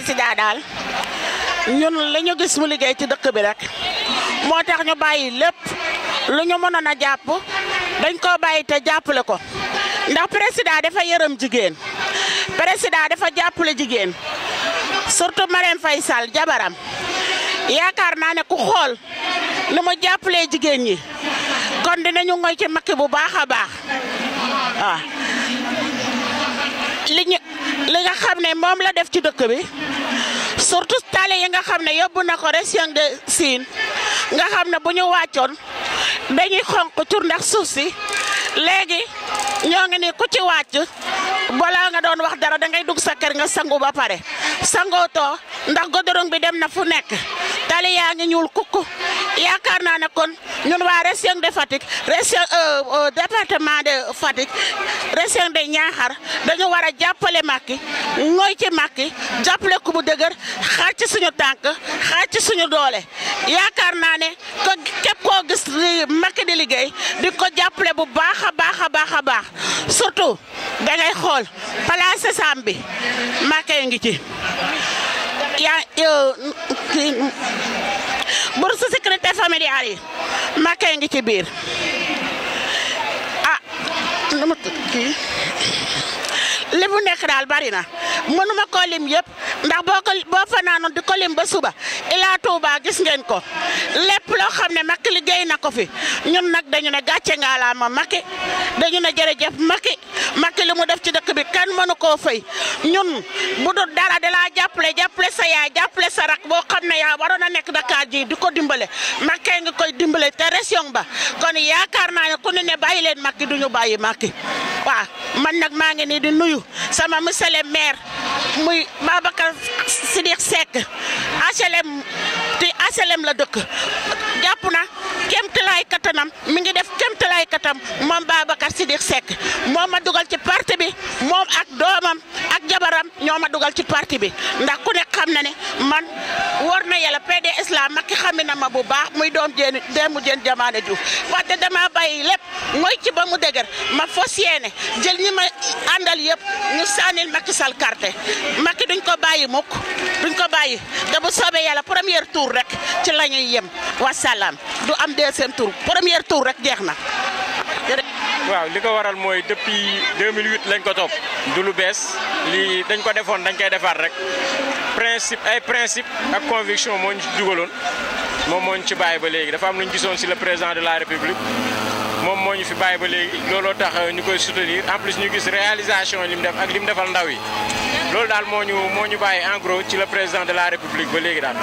président daal ñun li ñu gis mu liggéey ci dëkk bi rek moo tax ñu bàyyi lépp lu ñu mënoon a jàpp dañ koo bàyyi te jàppale ko ndax président dafa yërëm jigéen président dafa jàppale jigéen surtout Marème fay Sall jabaram yaakaar naa ne ku xool ni mu jàppalee jigéen ñi kon dinañu ngoy ci makki bu baax a baax waaw li ñu li nga xam ne moom la def ci dëkk bi surtout tali yi nga xam ne yóbbu na ko région de Sine nga xam ne bu ñu wàccoon dañuy xonq tur ndax suuf si léegi ñoo ngi ni ku ci wàcc balaa nga doon wax dara dangay dugg sa kër nga sangu ba pare sangootoo ndax godorong bi dem na fu nekk tali yaa ngi ñuul kukk yaakaar naa ne kon ñun waa région de Fatick région euh, euh, de Fatick région de Niakhar dañu war a jàppale Macky ñooy ci Macky jàppale ku bu dëgër xaar ci suñu tànk xaar ci suñu doole yaakaar naa ne ko képp koo gis Macky di liggéey di ko jàppale bu baax a baax a baax a baax surtout da xool place Samb bi Macky ngi ci. bourse sécurité familiale yi naka ngi ci biir ah lu ma kii li mu nekk daal bari na mënuma koo lim yëpp ndax boo ko boo dem ba suba Ila Touba gis ngeen ko lépp loo xam ne Macky liggéey na ko fi ñun nag dañu ne gàcce ma Macky dañu ne jërëjëf Macky Macky li mu def ci dëkk bi kenn mënu koo fay ñun bu dul dara da laa jàppale jàppale sa yaay jàppale sa rak boo xam ne yaa waroon a nekk Dakar ji di ko dimbale Macky nga koy dimbale te région ba kon yaakaar naa ne ku ne ne bàyyi leen Macky du ñu bàyyi Macky waaw man nag maa ngi nii di nuyu sama monsieur le maire. muy Babacar Sidikh Seck HLM te HLM la dëkk jàpp na kéemtalaay katanam mi ngi def kéemtalaay katam moom Babacar Sidikh Seck moom ma dugal ci parti bi moom ak doomam ak jabaram ñoo ma dugal ci parti bi ndax ku nekk xam na ne man war na yàlla PDS la makki xami na ma bu baax muy doom jéen démb jéen jamaane Diouf wante dama bàyyi lépp mooy ci ba mu dëgër ma fos yéene jël ñi ma àndal yëpp ñu sànnil Macky Sall carte Macky duñ ko bàyyi mukk duñ ko bàyyi da bu soobee yàlla première tour rek ci lañuy ye tuddee tour. Premier tour rek jeex waaw liko waral moy depuis 2008 lañ ko topp du lu bess li dañ ko defone dañ koy defaat rek principe ay principe ak conviction moo ñu ci dugaloon moom moo ci bàyyi ba léegi dafa am luñu gissone ci le président de la république mom moo fi bàyyi ba léegi lolo tax euh, ñukoy soutenir en plus ñu giss réalisation lim def ak lim defal ndaw yi loolu dal moñu moñu baye en gros ci le président de la république ba léegi dal